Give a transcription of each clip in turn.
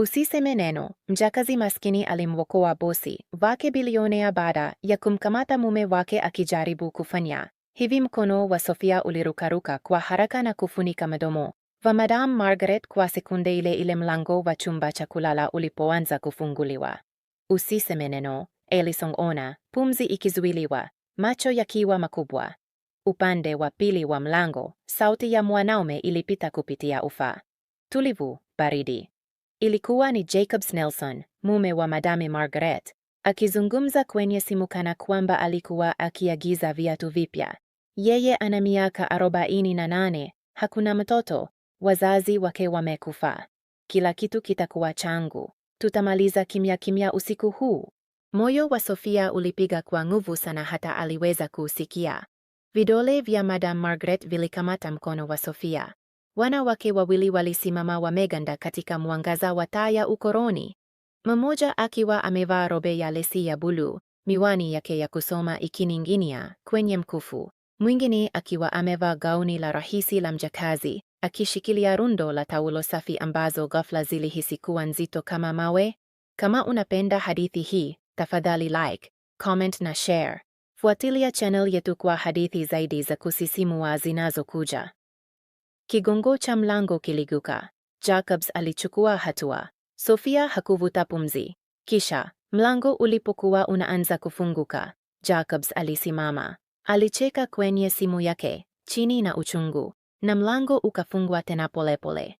Usiseme neno, mjakazi maskini alimwokoa bosi wake bilionea baada ya kumkamata mume wake akijaribu kufanya hivi. Mkono wa Sofia ulirukaruka kwa haraka na kufunika mdomo wa Madam Margaret kwa sekunde ile ile mlango wa chumba cha kulala ulipoanza kufunguliwa. Usiseme neno, ona pumzi ikizuiliwa, macho yakiwa makubwa. Upande wa pili wa mlango, sauti ya mwanaume ilipita kupitia ufa. Tulivu, baridi Ilikuwa ni Jacobs Nelson, mume wa Madame Margaret, akizungumza kwenye simu kana kwamba alikuwa akiagiza viatu vipya. Yeye ana miaka arobaini na nane, hakuna mtoto, wazazi wake wamekufa. Kila kitu kitakuwa changu, tutamaliza kimya kimya usiku huu. Moyo wa Sofia ulipiga kwa nguvu sana hata aliweza kuusikia. Vidole vya Madame Margaret vilikamata mkono wa Sofia wanawake wawili walisimama wameganda katika mwangaza wa taa ya ukoroni, mmoja akiwa amevaa robe ya lesi ya buluu, miwani yake ya kusoma ikining'inia kwenye mkufu, mwingine akiwa amevaa gauni la rahisi la mjakazi akishikilia rundo la taulo safi ambazo ghafla zilihisi kuwa nzito kama mawe. Kama unapenda hadithi hii, tafadhali like, comment na share. Fuatilia channel yetu kwa hadithi zaidi za kusisimua zinazokuja. Kigongo cha mlango kiliguka. Jacobs alichukua hatua. Sofia hakuvuta pumzi. Kisha mlango ulipokuwa unaanza kufunguka, Jacobs alisimama. Alicheka kwenye simu yake chini na uchungu, na mlango ukafungwa tena polepole.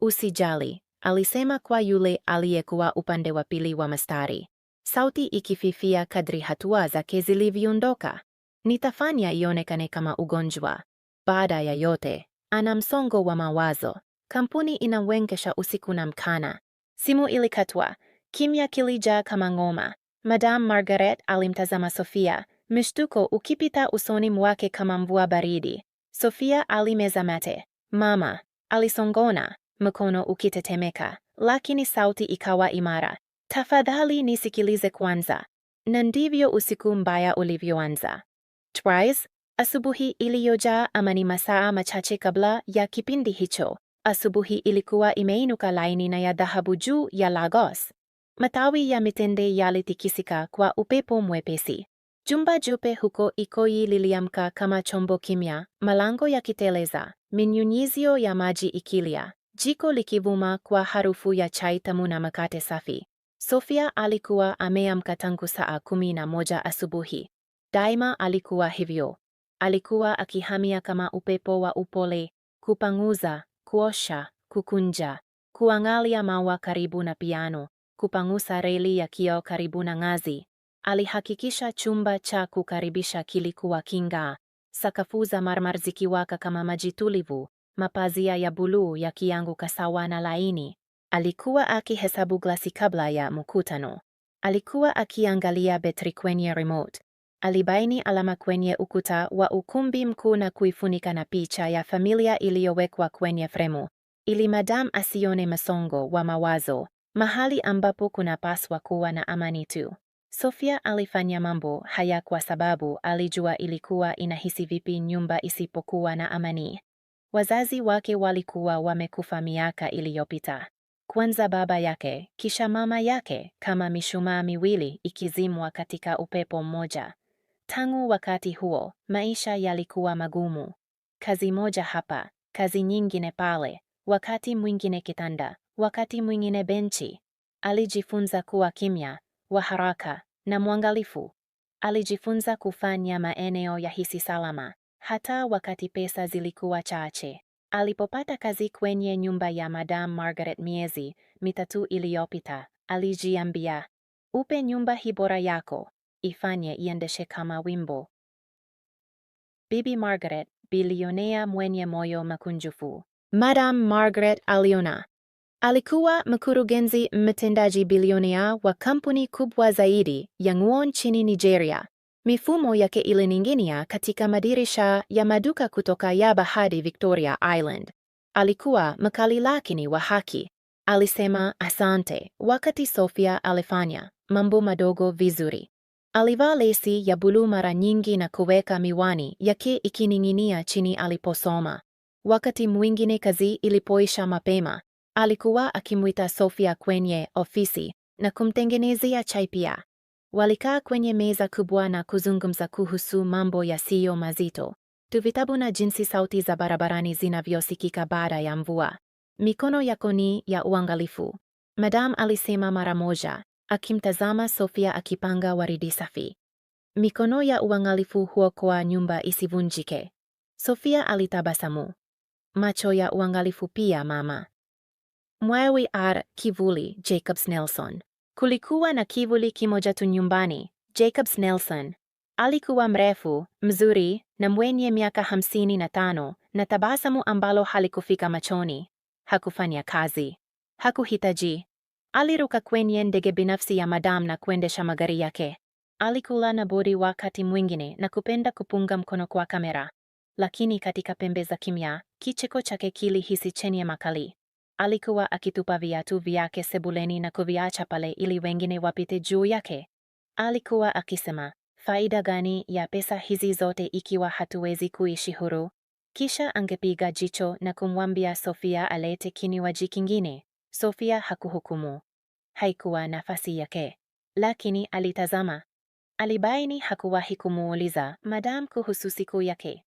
Usijali, alisema kwa yule aliyekuwa upande wa pili wa mstari, sauti ikififia kadri hatua zake zilivyoondoka. Nitafanya ionekane kama ugonjwa. Baada ya yote, ana msongo wa mawazo. Kampuni inawengesha usiku na mkana. Simu ilikatwa. Kimya kilijaa kama ngoma. Madam Margaret alimtazama Sofia, mshtuko ukipita usoni mwake kama mvua baridi. Sofia alimeza mate. Mama alisongona, mkono ukitetemeka, lakini sauti ikawa imara. Tafadhali nisikilize kwanza. Na ndivyo usiku mbaya ulivyoanza. Twice Asubuhi iliyojaa amani. Masaa machache kabla ya kipindi hicho, asubuhi ilikuwa imeinuka laini na ya dhahabu juu ya Lagos. Matawi ya mitende yalitikisika kwa upepo mwepesi. Jumba jupe huko Ikoyi liliamka kama chombo kimya, malango yakiteleza, minyunyizio ya maji ikilia, jiko likivuma kwa harufu ya chai tamu na makate safi. Sofia alikuwa ameamka tangu saa kumi na moja asubuhi. Daima alikuwa hivyo, Alikuwa akihamia kama upepo wa upole, kupanguza, kuosha, kukunja, kuangalia maua karibu na piano, kupangusa reli ya kioo karibu na ngazi. Alihakikisha chumba cha kukaribisha kilikuwa kinga, sakafu za marmar zikiwaka kama maji tulivu, mapazia ya buluu yakianguka sawa na laini. Alikuwa akihesabu glasi kabla ya mkutano. Alikuwa akiangalia betri kwenye remote, alibaini alama kwenye ukuta wa ukumbi mkuu na kuifunika na picha ya familia iliyowekwa kwenye fremu, ili madam asione masongo wa mawazo, mahali ambapo kunapaswa kuwa na amani tu. Sofia alifanya mambo haya kwa sababu alijua ilikuwa inahisi vipi nyumba isipokuwa na amani. Wazazi wake walikuwa wamekufa miaka iliyopita, kwanza baba yake, kisha mama yake, kama mishumaa miwili ikizimwa katika upepo mmoja. Tangu wakati huo, maisha yalikuwa magumu. Kazi moja hapa, kazi nyingine pale, wakati mwingine kitanda, wakati mwingine benchi. Alijifunza kuwa kimya, wa haraka na mwangalifu. Alijifunza kufanya maeneo ya hisi salama, hata wakati pesa zilikuwa chache. Alipopata kazi kwenye nyumba ya Madam Margaret miezi mitatu iliyopita, alijiambia, upe nyumba hii bora yako, ifanye iendeshe kama wimbo. Bibi Margaret, bilionea mwenye moyo makunjufu. Madam Margaret aliona alikuwa mkurugenzi mtendaji bilionea wa kampuni kubwa zaidi ya nguo nchini Nigeria. Mifumo yake ilining'inia katika madirisha ya maduka kutoka Yaba hadi Victoria Island. Alikuwa mkali lakini wa haki. Alisema asante wakati Sofia alifanya mambo madogo vizuri. Alivaa lesi ya buluu mara nyingi na kuweka miwani yake ikining'inia chini aliposoma. Wakati mwingine kazi ilipoisha mapema, alikuwa akimwita Sofia kwenye ofisi na kumtengenezea chai pia. Walikaa kwenye meza kubwa na kuzungumza kuhusu mambo yasiyo mazito tu, vitabu na jinsi sauti za barabarani zinavyosikika baada ya mvua. Mikono yako ni ya uangalifu, Madam alisema mara moja, akimtazama Sofia akipanga waridi safi. Mikono ya uangalifu huokoa nyumba isivunjike. Sofia alitabasamu. Macho ya uangalifu pia mama. mwawi r kivuli Jacobs Nelson. Kulikuwa na kivuli kimoja tu nyumbani. Jacobs Nelson alikuwa mrefu, mzuri na mwenye miaka hamsini na tano na tabasamu ambalo halikufika machoni. Hakufanya kazi, hakuhitaji Aliruka kwenye ndege binafsi ya madam na kuendesha magari yake. Alikula na bodi wakati mwingine na kupenda kupunga mkono kwa kamera, lakini katika pembe za kimya, kicheko chake kilihisi chenye makali. Alikuwa akitupa viatu vyake sebuleni na kuviacha pale ili wengine wapite juu yake. Alikuwa akisema, faida gani ya pesa hizi zote ikiwa hatuwezi kuishi huru? Kisha angepiga jicho na kumwambia Sofia alete kinywaji kingine. Sofia hakuhukumu, haikuwa nafasi yake, lakini alitazama. Alibaini hakuwahi kumuuliza madam kuhusu siku yake.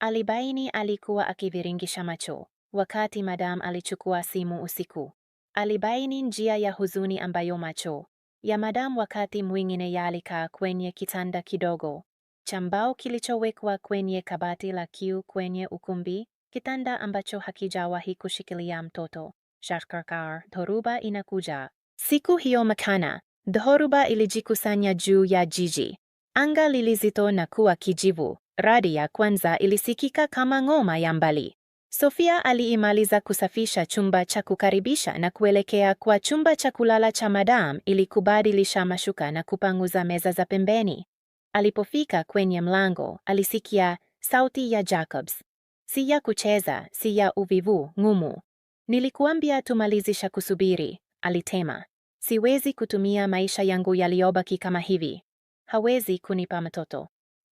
Alibaini alikuwa akiviringisha macho wakati madam alichukua simu usiku. Alibaini njia ya huzuni ambayo macho ya madam wakati mwingine yalikaa kwenye kitanda kidogo cha mbao kilichowekwa kwenye kabati la kiu kwenye ukumbi, kitanda ambacho hakijawahi kushikilia mtoto. Shakarkar, dhoruba inakuja, Siku hiyo makana dhoruba ilijikusanya juu ya jiji. Anga lilizito na kuwa kijivu. Radi ya kwanza ilisikika kama ngoma ya mbali. Sofia aliimaliza kusafisha chumba cha kukaribisha na kuelekea kwa chumba cha kulala cha Madam ili kubadilisha mashuka na kupanguza meza za pembeni. Alipofika kwenye mlango, alisikia sauti ya Jacobs. Si ya kucheza, si ya uvivu, ngumu. Nilikuambia tumalizisha kusubiri alitema. Siwezi kutumia maisha yangu yaliyobaki kama hivi. Hawezi kunipa mtoto.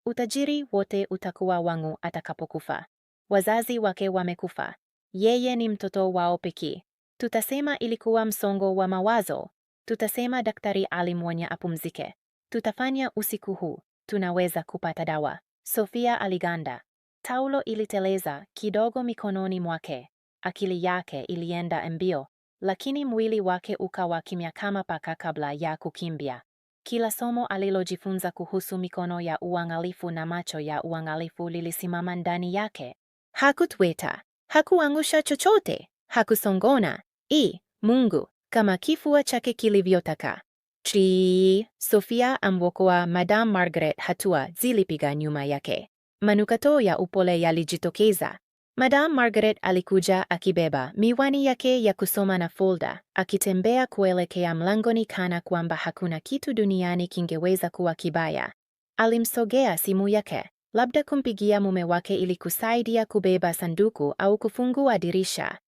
Utajiri wote utakuwa wangu atakapokufa. Wazazi wake wamekufa. Yeye ni mtoto wao pekee. Tutasema ilikuwa msongo wa mawazo. Tutasema daktari alimwonya apumzike. Tutafanya usiku huu. Tunaweza kupata dawa. Sofia aliganda. Taulo iliteleza kidogo mikononi mwake. Akili yake ilienda mbio lakini mwili wake ukawa kimya kama paka kabla ya kukimbia. Kila somo alilojifunza kuhusu mikono ya uangalifu na macho ya uangalifu lilisimama ndani yake. Hakutweta, hakuangusha chochote, hakusongona. i Mungu, kama kifua chake kilivyotaka. Chi Sofia amwokoa Madame Margaret, hatua zilipiga nyuma yake. Manukato ya upole yalijitokeza, Madam Margaret alikuja akibeba miwani yake ya kusoma na folda, akitembea kuelekea mlangoni kana kwamba hakuna kitu duniani kingeweza kuwa kibaya. Alimsogea simu yake, labda kumpigia mume wake ili kusaidia kubeba sanduku au kufungua dirisha.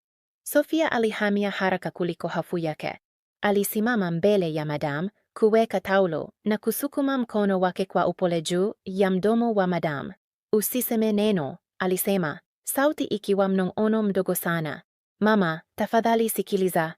Sofia alihamia haraka kuliko hofu yake. Alisimama mbele ya madam, kuweka taulo na kusukuma mkono wake kwa upole juu ya mdomo wa madam. Usiseme neno, alisema sauti ikiwa mnong'ono mdogo sana. Mama, tafadhali sikiliza.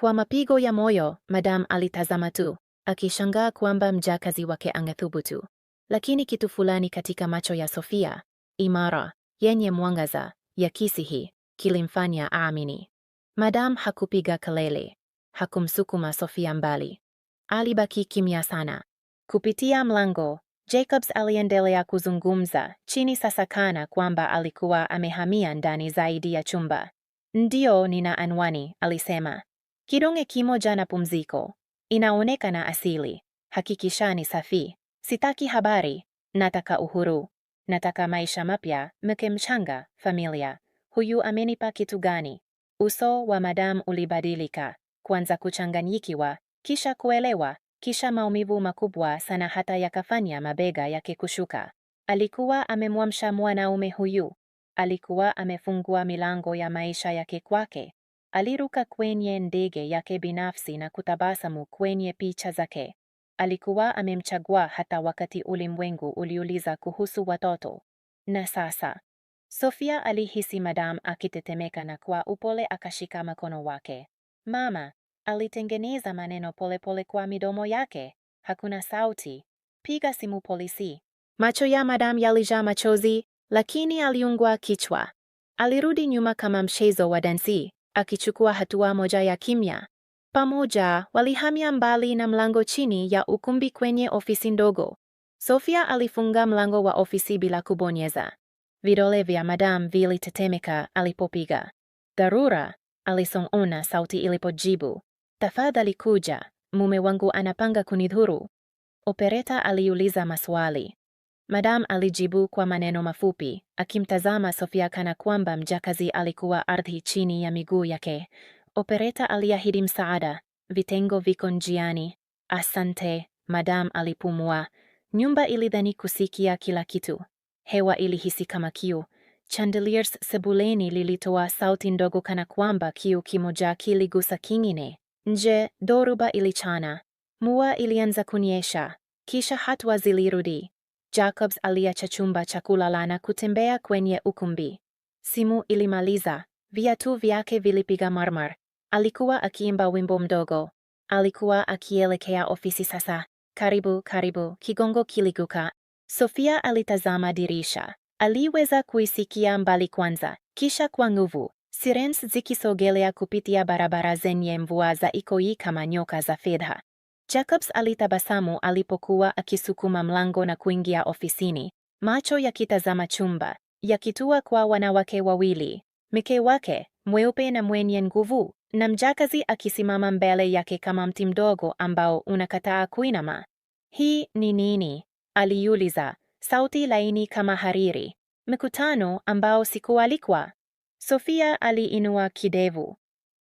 Kwa mapigo ya moyo, madam alitazama tu, akishangaa kwamba mjakazi wake angethubutu. Lakini kitu fulani katika macho ya Sofia, imara, yenye mwangaza, ya kisihi, kilimfanya aamini. Madam hakupiga kelele, hakumsukuma Sofia mbali. Alibaki kimya sana. Kupitia mlango, Jacobs aliendelea kuzungumza chini sasa, kana kwamba alikuwa amehamia ndani zaidi ya chumba. ndio nina anwani, alisema. Kidonge kimoja na pumziko, inaonekana asili. Hakikisha ni safi. Sitaki habari, nataka uhuru, nataka maisha mapya, mke mchanga, familia. Huyu amenipa kitu gani? Uso wa madam ulibadilika, kwanza kuchanganyikiwa, kisha kuelewa, kisha maumivu makubwa sana hata yakafanya mabega yake kushuka. Alikuwa amemwamsha mwanaume huyu. Alikuwa amefungua milango ya maisha yake kwake. Aliruka kwenye ndege yake binafsi na kutabasamu kwenye picha zake. Alikuwa amemchagua hata wakati ulimwengu uliuliza kuhusu watoto. Na sasa Sofia alihisi madam akitetemeka na kwa upole akashika mkono wake. Mama, Alitengeneza maneno polepole pole kwa midomo yake. Hakuna sauti. Piga simu polisi. Macho ya madam yalijaa machozi, lakini aliungwa kichwa. Alirudi nyuma kama mchezo wa dansi, akichukua hatua moja ya kimya. Pamoja walihamia mbali na mlango chini ya ukumbi kwenye ofisi ndogo. Sofia alifunga mlango wa ofisi bila kubonyeza. Vidole vya madam vilitetemeka alipopiga. Dharura, alisong'ona sauti ilipojibu. Tafadhali kuja, mume wangu anapanga kunidhuru. Opereta aliuliza maswali. Madam alijibu kwa maneno mafupi, akimtazama Sofia kana kwamba mjakazi alikuwa ardhi chini ya miguu yake. Opereta aliahidi msaada. Vitengo viko njiani. Asante, madam alipumua. Nyumba ilidhani kusikia kila kitu. Hewa ilihisi kama kiu. Chandeliers sebuleni lilitoa sauti ndogo kana kwamba kiu kimoja kiligusa kingine. Nje dhoruba ilichana, mua ilianza kunyesha, kisha hatua zilirudi. Jacobs aliacha chumba cha kulala na kutembea kwenye ukumbi. Simu ilimaliza, viatu vyake vilipiga marmar. Alikuwa akiimba wimbo mdogo. Alikuwa akielekea ofisi sasa. Karibu, karibu, kigongo kiliguka. Sofia alitazama dirisha. Aliweza kuisikia mbali kwanza, kisha kwa nguvu. Sirens zikisogelea kupitia barabara zenye mvua za ikoi kama nyoka za fedha. Jacobs alitabasamu alipokuwa akisukuma mlango na kuingia ofisini, macho yakitazama chumba, yakitua kwa wanawake wawili, mke wake mweupe na mwenye nguvu, na mjakazi akisimama mbele yake kama mti mdogo ambao unakataa kuinama. Hii ni nini? aliuliza, sauti laini kama hariri. Mkutano ambao sikualikwa. Sofia aliinua kidevu.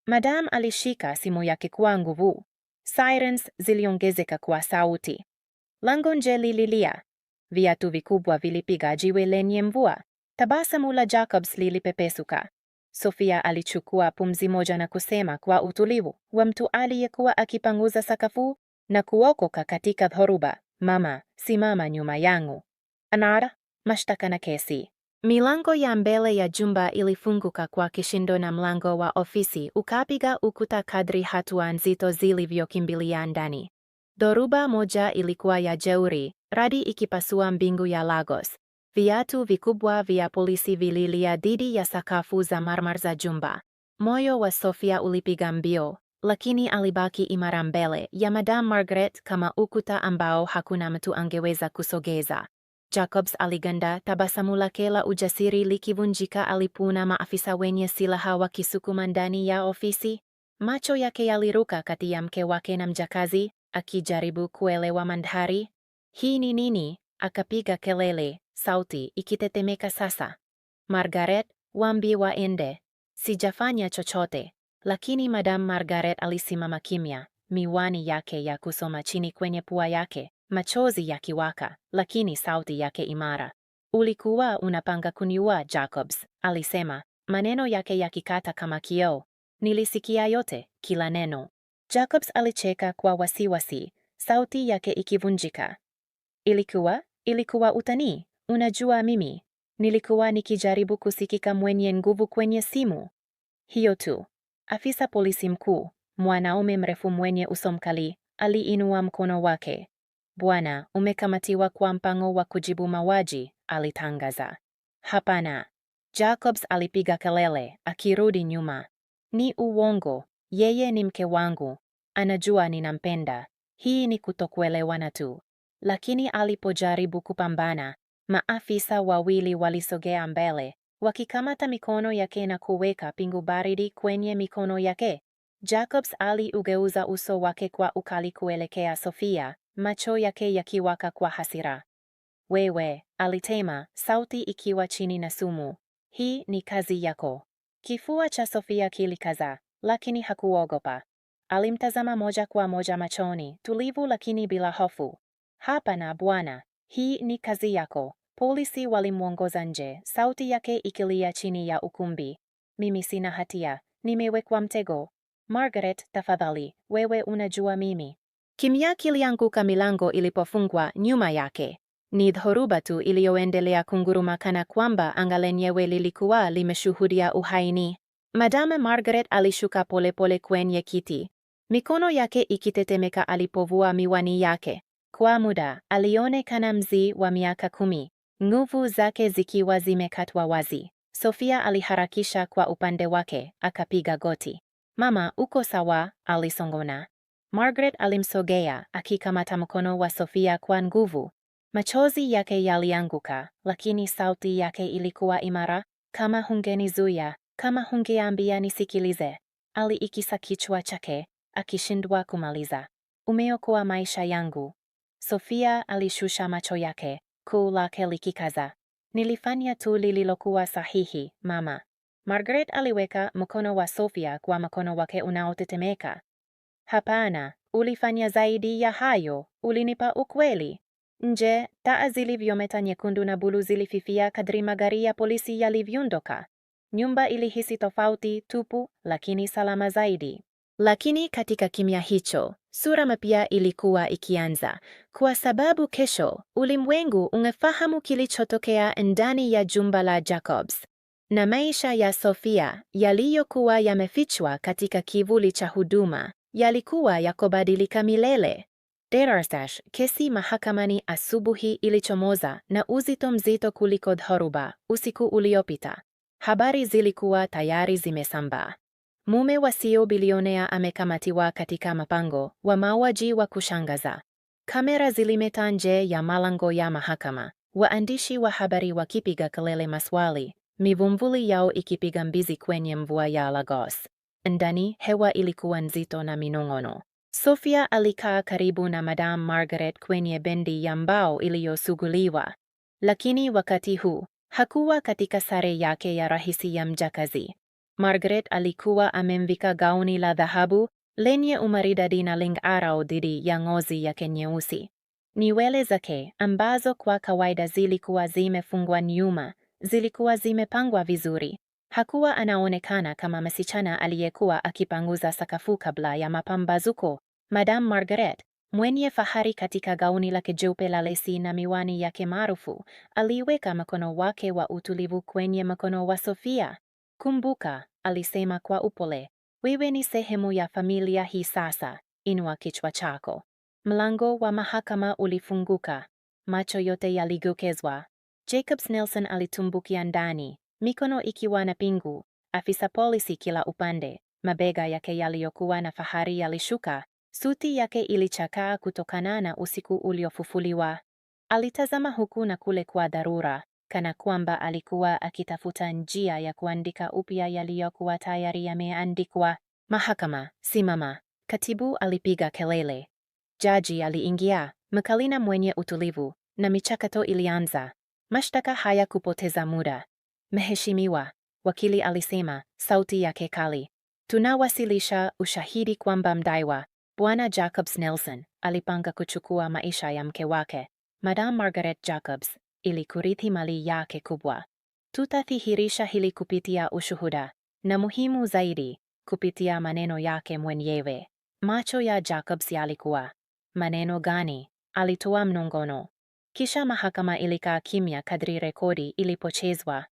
Madam alishika simu yake kwa nguvu. Sirens ziliongezeka kwa sauti. Lango nje lililia. Viatu vikubwa vilipiga jiwe lenye mvua. Tabasamu la Jacobs lilipepesuka. Sofia alichukua pumzi moja na kusema kwa utulivu wa mtu aliyekuwa akipanguza sakafu na kuokoka katika dhoruba, mama, simama nyuma yangu. Anara, mashtaka na kesi. Milango ya mbele ya jumba ilifunguka kwa kishindo na mlango wa ofisi ukapiga ukuta kadri hatua nzito zilivyokimbilia ndani. Dhoruba moja ilikuwa ya jeuri, radi ikipasua mbingu ya Lagos. Viatu vikubwa vya polisi vililia dhidi ya sakafu za marmar za jumba. Moyo wa Sofia ulipiga mbio, lakini alibaki imara mbele ya Madam Margaret kama ukuta ambao hakuna mtu angeweza kusogeza. Jacobs aliganda, tabasamu lake la ujasiri likivunjika alipuna maafisa wenye silaha wakisukuma ndani ya ofisi. Macho yake yaliruka kati ya mke wake na mjakazi, akijaribu kuelewa mandhari. Hii ni nini? Akapiga kelele, sauti ikitetemeka sasa. Margaret, wambi waende. Sijafanya chochote. Lakini Madam Margaret alisimama kimya, miwani yake ya kusoma chini kwenye pua yake machozi yakiwaka, lakini sauti yake imara. Ulikuwa unapanga kuniua, Jacobs, alisema, maneno yake yakikata kama kioo. Nilisikia yote, kila neno. Jacobs alicheka kwa wasiwasi, sauti yake ikivunjika. Ilikuwa, ilikuwa utani. Unajua, mimi nilikuwa nikijaribu kusikika mwenye nguvu kwenye simu. Hiyo tu. Afisa polisi mkuu, mwanaume mrefu mwenye uso mkali, aliinua mkono wake. Bwana, umekamatiwa kwa mpango wa kujibu mauaji, alitangaza. Hapana. Jacobs alipiga kelele, akirudi nyuma. Ni uongo, yeye ni mke wangu. Anajua ninampenda. Hii ni kutokuelewana tu. Lakini alipojaribu kupambana, maafisa wawili walisogea mbele, wakikamata mikono yake na kuweka pingu baridi kwenye mikono yake. Jacobs aliugeuza uso wake kwa ukali kuelekea Sofia, macho yake yakiwaka kwa hasira. Wewe, alitema, sauti ikiwa chini na sumu, hii ni kazi yako. Kifua cha Sofia kilikaza, lakini hakuogopa. Alimtazama moja kwa moja machoni, tulivu lakini bila hofu. Hapana bwana, hii ni kazi yako. Polisi walimwongoza nje, sauti yake ikilia chini ya ukumbi. Mimi sina hatia, nimewekwa mtego. Margaret, tafadhali, wewe unajua mimi Kimya kilianguka milango ilipofungwa nyuma yake. Ni dhoruba tu iliyoendelea kunguruma kana kwamba anga lenyewe lilikuwa limeshuhudia uhaini. Madame Margaret alishuka polepole kwenye kiti, mikono yake ikitetemeka alipovua miwani yake. Kwa muda alionekana mzee wa miaka kumi, nguvu zake zikiwa zimekatwa wazi. Sofia aliharakisha kwa upande wake, akapiga goti. Mama, uko sawa? Alisongona. Margaret alimsogea akikamata mkono wa Sofia kwa nguvu. Machozi yake yalianguka, lakini sauti yake ilikuwa imara. Kama hungenizuia, kama hungeambia nisikilize. Aliikisa kichwa chake, akishindwa kumaliza. Umeokoa maisha yangu. Sofia alishusha macho yake, kuu lake likikaza. Nilifanya tu lililokuwa sahihi, mama. Margaret aliweka mkono wa Sofia kwa mkono wake unaotetemeka. Hapana, ulifanya zaidi ya hayo, ulinipa ukweli. Nje, taa zilivyometa nyekundu na bulu zilififia kadri magari ya polisi yalivyondoka Nyumba ilihisi tofauti, tupu, lakini salama zaidi. Lakini katika kimya hicho, sura mapya ilikuwa ikianza, kwa sababu kesho ulimwengu ungefahamu kilichotokea ndani ya jumba la Jacobs na maisha ya Sofia yaliyokuwa yamefichwa katika kivuli cha huduma yalikuwa yakobadilika milele. Derasash, kesi mahakamani asubuhi ilichomoza na uzito mzito kuliko dhoruba usiku uliopita. Habari zilikuwa tayari zimesambaa. Mume wa CEO bilionea amekamatiwa katika mapango wa mauaji wa kushangaza. Kamera zilimeta nje ya malango ya mahakama, waandishi wa habari wakipiga kelele maswali, mivumvuli yao ikipiga mbizi kwenye mvua ya Lagos. Ndani hewa ilikuwa nzito na minong'ono. Sofia alikaa karibu na Madame Margaret kwenye bendi ya mbao iliyosuguliwa, lakini wakati huu hakuwa katika sare yake ya rahisi ya mjakazi. Margaret alikuwa amemvika gauni la dhahabu lenye umaridadi na ling'arao dhidi ya ngozi yake nyeusi. Nywele zake ambazo kwa kawaida zilikuwa zimefungwa nyuma zilikuwa zimepangwa vizuri Hakuwa anaonekana kama msichana aliyekuwa akipanguza sakafu kabla ya mapambazuko. Madam Margaret, mwenye fahari katika gauni lake jeupe la lesi na miwani yake maarufu, aliweka mkono wake wa utulivu kwenye mkono wa Sofia. Kumbuka, alisema kwa upole, wewe ni sehemu ya familia hii sasa. Inua kichwa chako. Mlango wa mahakama ulifunguka. Macho yote yaligokezwa. Jacobs Nelson alitumbukia ndani mikono ikiwa na pingu, afisa polisi kila upande, mabega yake yaliyokuwa na fahari yalishuka, suti yake ilichakaa kutokana na usiku uliofufuliwa. Alitazama huku na kule kwa dharura, kana kwamba alikuwa akitafuta njia ya kuandika upya yaliyokuwa tayari yameandikwa. Mahakama, simama! Katibu alipiga kelele. Jaji aliingia, mkalina mwenye utulivu, na michakato ilianza. Mashtaka haya kupoteza muda. Mheshimiwa, wakili alisema, sauti yake kali. Tunawasilisha ushahidi kwamba mdaiwa Bwana Jacobs Nelson alipanga kuchukua maisha ya mke wake, Madam Margaret Jacobs, ili kurithi mali yake kubwa. Tutathihirisha hili kupitia ushuhuda na muhimu zaidi, kupitia maneno yake mwenyewe. Macho ya Jacobs yalikuwa maneno gani? Alitoa mnongono. Kisha mahakama ilikaa kimya kadri rekodi ilipochezwa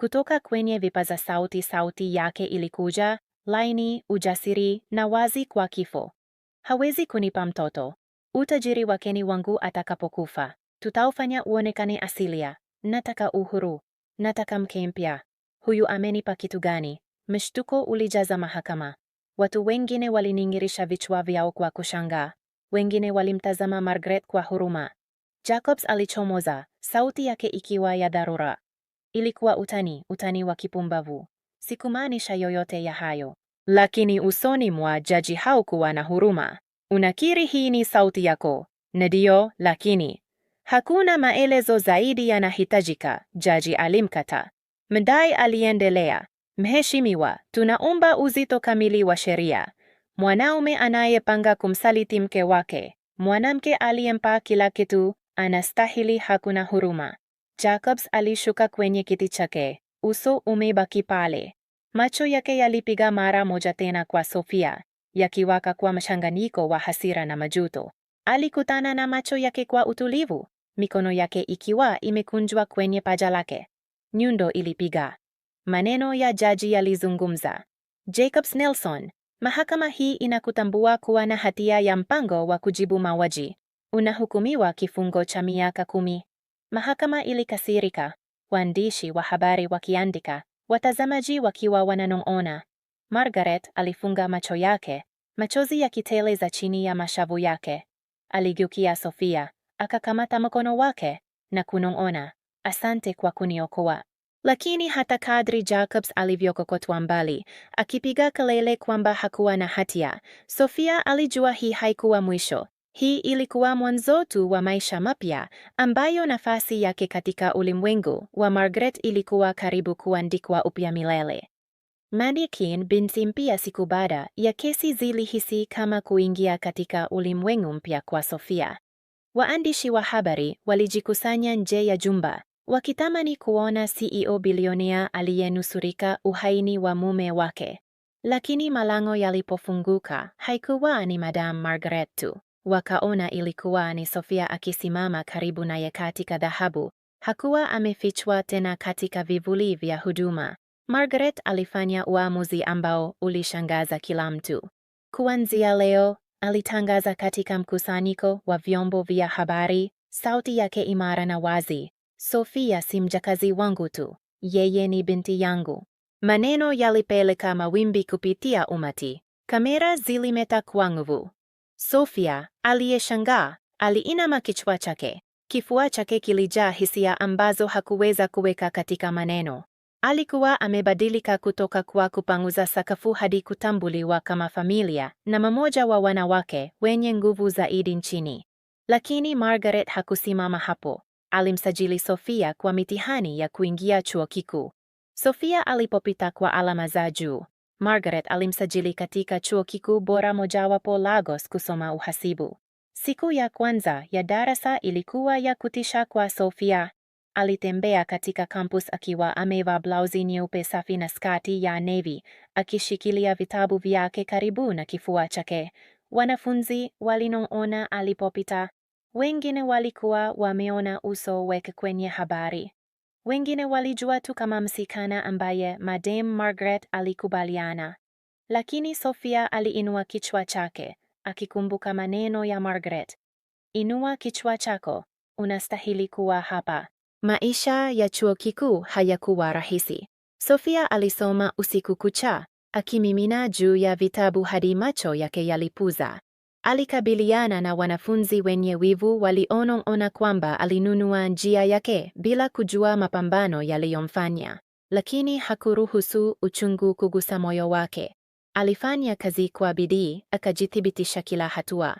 kutoka kwenye vipaza sauti, sauti yake ilikuja laini, ujasiri na wazi kwa kifo. Hawezi kunipa mtoto. Utajiri wake ni wangu atakapokufa. Tutaufanya uonekane asilia. Nataka uhuru. Nataka mke mpya. Huyu amenipa kitu gani? Mshtuko ulijaza mahakama. Watu wengine waliningirisha vichwa vyao kwa kushangaa, wengine walimtazama Margaret kwa huruma. Jacobs alichomoza, sauti yake ikiwa ya dharura. Ilikuwa utani, utani wa kipumbavu. Sikumaanisha yoyote ya hayo. Lakini usoni mwa jaji haukuwa na huruma. Unakiri hii ni sauti yako? ndio lakini hakuna maelezo zaidi yanahitajika, jaji alimkata. Mdai aliendelea, Mheshimiwa, tunaumba uzito kamili wa sheria. Mwanaume anayepanga kumsaliti mke wake, mwanamke aliyempa kila kitu, anastahili hakuna huruma. Jacobs alishuka kwenye kiti chake, uso umebaki pale. Macho yake yalipiga mara moja tena kwa Sofia, yakiwaka kwa mchanganyiko wa hasira na majuto. Alikutana na macho yake kwa utulivu, mikono yake ikiwa imekunjwa kwenye paja lake. Nyundo ilipiga. Maneno ya jaji yalizungumza. Jacobs Nelson, mahakama hii inakutambua kuwa na hatia ya mpango wa kujibu mauaji. Unahukumiwa kifungo cha miaka kumi. Mahakama ilikasirika, waandishi wa habari wakiandika, watazamaji wakiwa wananong'ona. Margaret alifunga macho yake, machozi yakiteleza chini ya mashavu yake. Aligeukia Sofia, akakamata mkono wake na kunong'ona, asante kwa kuniokoa. Lakini hata kadri Jacobs alivyokokotwa mbali, akipiga kelele kwamba hakuwa na hatia, Sofia alijua hii haikuwa mwisho. Hii ilikuwa mwanzo tu wa maisha mapya ambayo nafasi yake katika ulimwengu wa Margaret ilikuwa karibu kuandikwa upya milele. Mandikin binti mpya siku baada ya kesi zilihisi kama kuingia katika ulimwengu mpya kwa Sofia. Waandishi wa habari walijikusanya nje ya jumba wakitamani kuona CEO bilionea aliyenusurika uhaini wa mume wake. Lakini malango yalipofunguka, haikuwa ni Madam Margaret tu wakaona ilikuwa ni Sofia akisimama karibu naye katika dhahabu. Hakuwa amefichwa tena katika vivuli vya huduma. Margaret alifanya uamuzi ambao ulishangaza kila mtu. Kuanzia leo, alitangaza katika mkusanyiko wa vyombo vya habari, sauti yake imara na wazi, Sofia si mjakazi wangu tu, yeye ni binti yangu. Maneno yalipeleka mawimbi kupitia umati. Kamera zilimeta kwa nguvu, Sofia aliyeshangaa aliinama kichwa chake. Kifua chake kilijaa hisia ambazo hakuweza kuweka katika maneno. Alikuwa amebadilika kutoka kwa kupanguza sakafu hadi kutambuliwa kama familia na mmoja wa wanawake wenye nguvu zaidi nchini. Lakini Margaret hakusimama hapo. Alimsajili Sofia kwa mitihani ya kuingia chuo kikuu. Sofia alipopita kwa alama za juu, Margaret alimsajili katika chuo kikuu bora mojawapo Lagos kusoma uhasibu. Siku ya kwanza ya darasa ilikuwa ya kutisha kwa Sofia. Alitembea katika kampus akiwa amevaa blauzi nyeupe safi na skati ya navy, akishikilia vitabu vyake karibu na kifua chake. Wanafunzi walinong'ona alipopita. Wengine walikuwa wameona uso wake kwenye habari. Wengine walijua tu kama msichana ambaye Madame Margaret alikubaliana, lakini Sofia aliinua kichwa chake akikumbuka maneno ya Margaret: inua kichwa chako, unastahili kuwa hapa. Maisha ya chuo kikuu hayakuwa rahisi. Sofia alisoma usiku kucha, akimimina juu ya vitabu hadi macho yake yalipuza alikabiliana na wanafunzi wenye wivu walionong'ona kwamba alinunua njia yake bila kujua mapambano yaliyomfanya, lakini hakuruhusu uchungu kugusa moyo wake. Alifanya kazi kwa bidii, akajithibitisha kila hatua.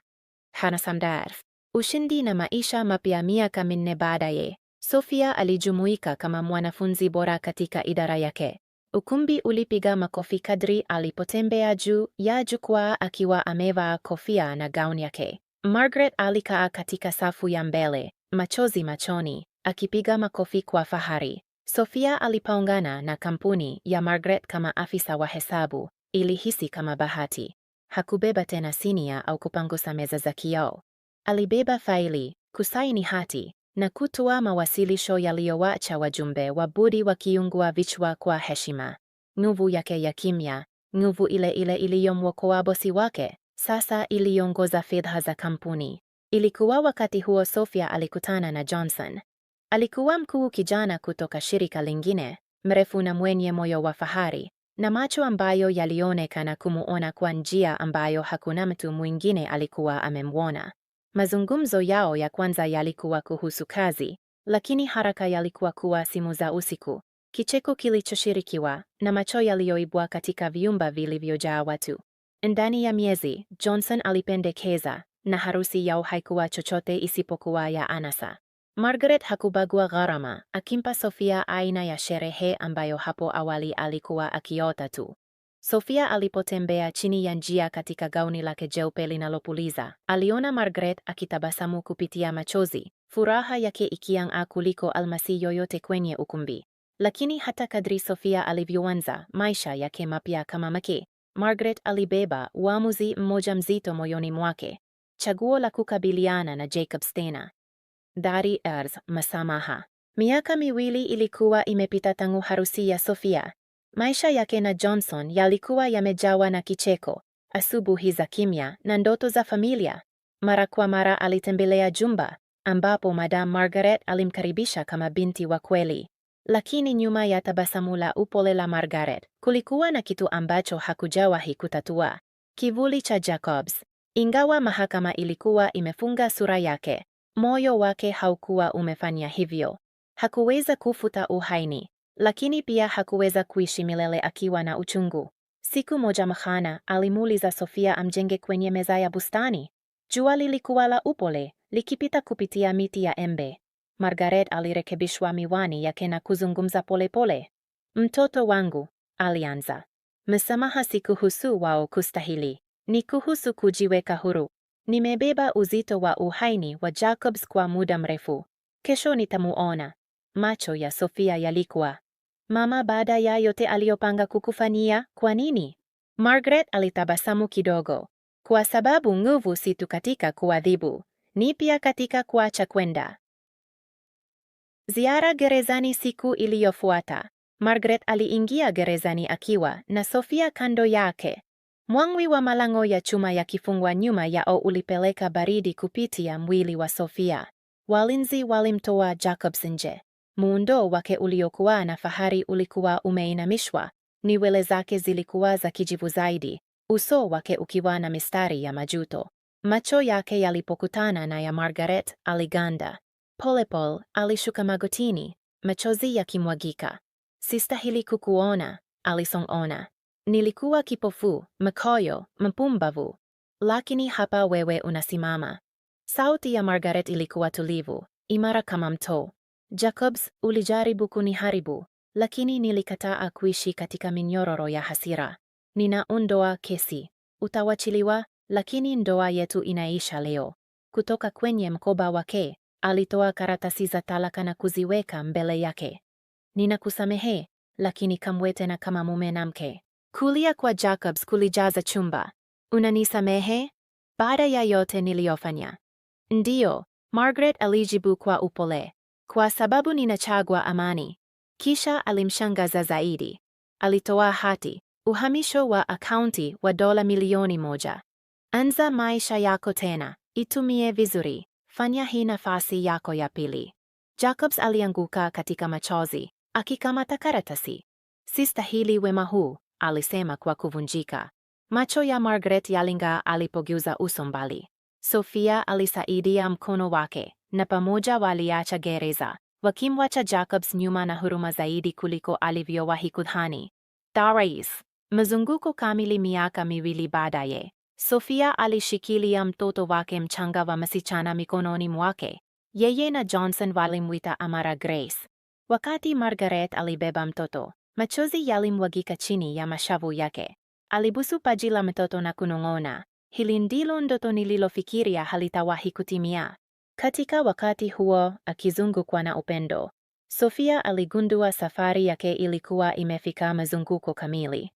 Hana Ushindi na maisha mapya. Miaka minne baadaye, Sofia alijumuika kama mwanafunzi bora katika idara yake. Ukumbi ulipiga makofi kadri alipotembea juu ya jukwaa akiwa amevaa kofia na gauni yake. Margaret alikaa katika safu ya mbele, machozi machoni, akipiga makofi kwa fahari. Sofia alipoungana na kampuni ya Margaret kama afisa wa hesabu, ilihisi kama bahati. Hakubeba tena sinia au kupangusa meza za kioo. Alibeba faili, kusaini hati na kutoa mawasilisho yaliyowacha wajumbe wa bodi wakiungua vichwa kwa heshima. Nguvu yake ya kimya, nguvu ile ile iliyomwokoa bosi wake, sasa iliongoza fedha za kampuni. Ilikuwa wakati huo Sofia alikutana na Johnson. Alikuwa mkuu kijana kutoka shirika lingine, mrefu na mwenye moyo wa fahari, na macho ambayo yalionekana kumuona kwa njia ambayo hakuna mtu mwingine alikuwa amemwona. Mazungumzo yao ya kwanza yalikuwa kuhusu kazi, lakini haraka yalikuwa kuwa simu za usiku, kicheko kilichoshirikiwa na macho yaliyoibwa katika vyumba vilivyojaa watu. Ndani ya miezi, Johnson alipendekeza na harusi yao haikuwa chochote isipokuwa ya anasa. Margaret hakubagua gharama, akimpa Sofia aina ya sherehe ambayo hapo awali alikuwa akiota tu. Sofia alipotembea chini ya njia katika gauni lake jeupe linalopuliza, aliona Margaret akitabasamu kupitia machozi, furaha yake ikiang'aa kuliko almasi yoyote kwenye ukumbi. Lakini hata kadri Sofia alivyoanza maisha yake mapya kama mke, Margaret alibeba uamuzi mmoja mzito moyoni mwake, chaguo la kukabiliana na Jacob Stena. Dari ers masamaha. Miaka miwili ilikuwa imepita tangu harusi ya Sofia, Maisha yake na Johnson yalikuwa yamejawa na kicheko, asubuhi za kimya na ndoto za familia. Mara kwa mara alitembelea jumba ambapo Madam Margaret alimkaribisha kama binti wa kweli, lakini nyuma ya tabasamu la upole la Margaret kulikuwa na kitu ambacho hakujawahi kutatua: kivuli cha Jacobs. Ingawa mahakama ilikuwa imefunga sura yake, moyo wake haukuwa umefanya hivyo. Hakuweza kufuta uhaini, lakini pia hakuweza kuishi milele akiwa na uchungu. Siku moja Mahana alimuuliza Sofia amjenge kwenye meza ya bustani. Jua lilikuwa la upole likipita kupitia miti ya embe. Margaret alirekebishwa miwani yake na kuzungumza polepole pole. Mtoto wangu, alianza, msamaha si kuhusu wao kustahili, ni kuhusu kujiweka huru. Nimebeba uzito wa uhaini wa Jacobs kwa muda mrefu. Kesho nitamuona. Macho ya Sofia yalikuwa Mama baada ya yote aliyopanga kukufanyia, kwa nini? Margaret alitabasamu kidogo. Kwa sababu nguvu si tu katika kuadhibu, ni pia katika kuacha kwenda. Ziara gerezani siku iliyofuata. Margaret aliingia gerezani akiwa na Sofia kando yake. Mwangwi wa malango ya chuma yakifungwa nyuma yao ulipeleka baridi kupitia mwili wa Sofia. Walinzi walimtoa Jacobs nje. Muundo wake uliokuwa na fahari ulikuwa umeinamishwa, nywele zake zilikuwa za kijivu zaidi, uso wake ukiwa na mistari ya majuto. Macho yake yalipokutana na ya Margaret, aliganda. Polepole alishuka magotini, machozi yakimwagika. Sistahili kukuona, alisong'ona. Nilikuwa kipofu, mkoyo, mpumbavu. Lakini hapa wewe unasimama. Sauti ya Margaret ilikuwa tulivu, imara kama mto. Jacobs, ulijaribu kuniharibu, lakini nilikataa kuishi katika minyororo ya hasira. Ninaondoa kesi. Utawachiliwa, lakini ndoa yetu inaisha leo. Kutoka kwenye mkoba wake, alitoa karatasi za talaka na kuziweka mbele yake. Ninakusamehe, lakini kamwe tena kama mume na mke. Kulia kwa Jacobs kulijaza chumba. Unanisamehe? Baada ya yote niliyofanya. Ndiyo, Margaret alijibu kwa upole. Kwa sababu ninachagua amani. Kisha alimshangaza zaidi. Alitoa hati, uhamisho wa akaunti wa dola milioni moja. Anza maisha yako tena, itumie vizuri, fanya hii nafasi yako ya pili. Jacobs alianguka katika machozi, akikamata karatasi. Sistahili wema huu, alisema kwa kuvunjika. Macho ya Margaret yalinga alipogeuza uso mbali. Sofia alisaidia mkono wake na pamoja waliacha gereza wakimwacha Jacobs nyuma na huruma zaidi kuliko alivyowahi kudhani. tarais mazunguko kamili. Miaka miwili baadaye, Sofia alishikilia mtoto wake mchanga wa msichana mikononi mwake. Yeye na Johnson walimwita Amara Grace. Wakati Margaret alibeba mtoto, machozi yalimwagika chini ya mashavu yake. Alibusu paji la mtoto na kunong'ona, hili ndilo ndoto nililofikiria halitawahi kutimia. Katika wakati huo, akizungukwa na upendo, Sofia aligundua safari yake ilikuwa imefika mazunguko kamili.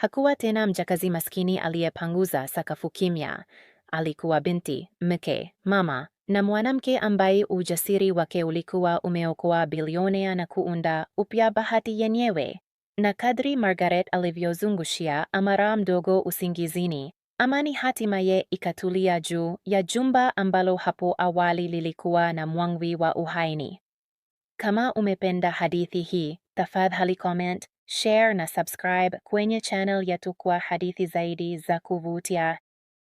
Hakuwa tena mjakazi maskini aliyepanguza sakafu kimya. Alikuwa binti, mke, mama na mwanamke ambaye ujasiri wake ulikuwa umeokoa bilionea na kuunda upya bahati yenyewe. Na kadri Margaret alivyozungushia amara mdogo usingizini, Amani hatimaye ikatulia juu ya jumba ambalo hapo awali lilikuwa na mwangwi wa uhaini. Kama umependa hadithi hii, tafadhali comment, share na subscribe kwenye channel yetu kwa hadithi zaidi za kuvutia.